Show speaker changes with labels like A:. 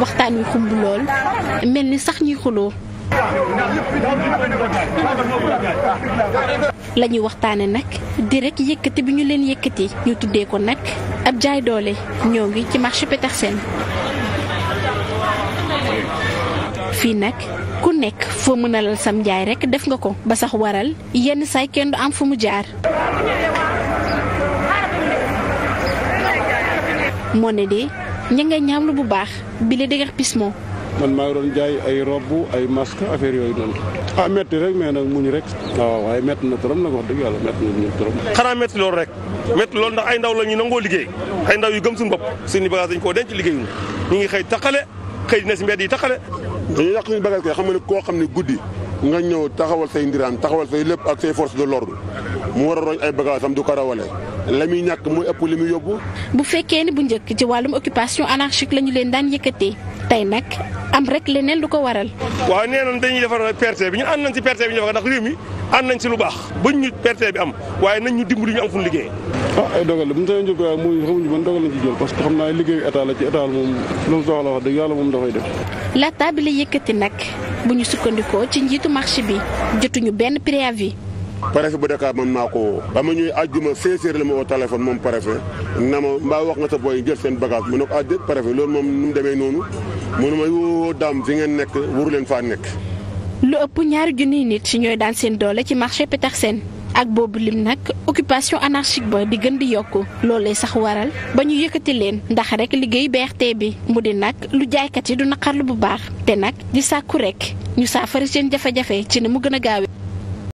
A: waxtaan wi xumb lool mel ni sax ñuy xuloo la ñuy waxtaane nag di rek yëkkati bi ñu leen yëkkati ñu tuddee ko nag ab jaay doole ñoo ngi ci marché Petersen fii nag ku nekk foo mën lal sam jaay rekk def nga ko ba sax waral yenn saay kenn du am fu mu jaar moo ne de ña ngay ñaawlu bu baax bi bile déguerpissement
B: man maa ngi doon jaay ay robb ay masque affaire yooyu noonu ah metti rek mais nag ñu rek waaw ah, waaye metti na trop nag wax dëgg yàlla metti na ñun trop
C: xanaa loolu rek metti loolu ndax ay ndaw la ñu nangoo liggéey ay ndaw yu gëm suñu bopp suñu bagage dañ koo denc liggéeyuñu ñu ngi xëy taqale xëy dina si mbedd yi taqale
D: dañuy yàq suñu bagage kay xam nga ne koo xam ne guddi nga ñëw taxawal say ndiraan taxawal say lépp ak say force de l'ordre mu war a ay bagage du ko rawale la muy
C: ñàkk mooy ëpp li muy yóbbu.
A: bu fekkee ni bu njëkk ci wàllum occupation anarchique la ñu leen daan yëkkatee tey nag am rek leneen lu ko waral.
C: waaw nee nañ dañuy defar perte bi ñu ànd nañ ci perte bi ñu defar ndax réew mi ànd nañ ci lu baax bañ ñu perte bi am waaye nañ ñu dimbali ñu am fu ñu liggéey. ah ay
B: dogal la mu ñu sañoon jóg waaye muy xamuñu ban dogal lañ ci jël parce que xam naa liggéeyu état la ci état la moom lu mu soxla wax dëgg yàlla
A: bu ñu sukkandikoo ci njiitu marché bi jotuñu benn préavis
D: préfet bu Dakar man maa ko woo ba ma ñuy àjjuma 16 heures la ma woo téléphone moom préfet na ma mbaa wax nga sa booy jël seen bagage mu ne ko ah déet préfet loolu moom nu mu demee noonu mu ne ma woo daam fi ngeen nekk waru leen faa nekk.
A: lu ëpp ñaari junniy nit ñooy daan seen doole ci marché Petersen ak boobu lim nag occupation anarchique ba di gën di yokku loolee sax waral ba ñu yëkkati leen ndax rek liggéey BRT bi mu di nag lu jaaykat yi du naqarlu bu baax te nag di sàkku rek ñu saafara seen jafe-jafe ci ne mu gën a gaawee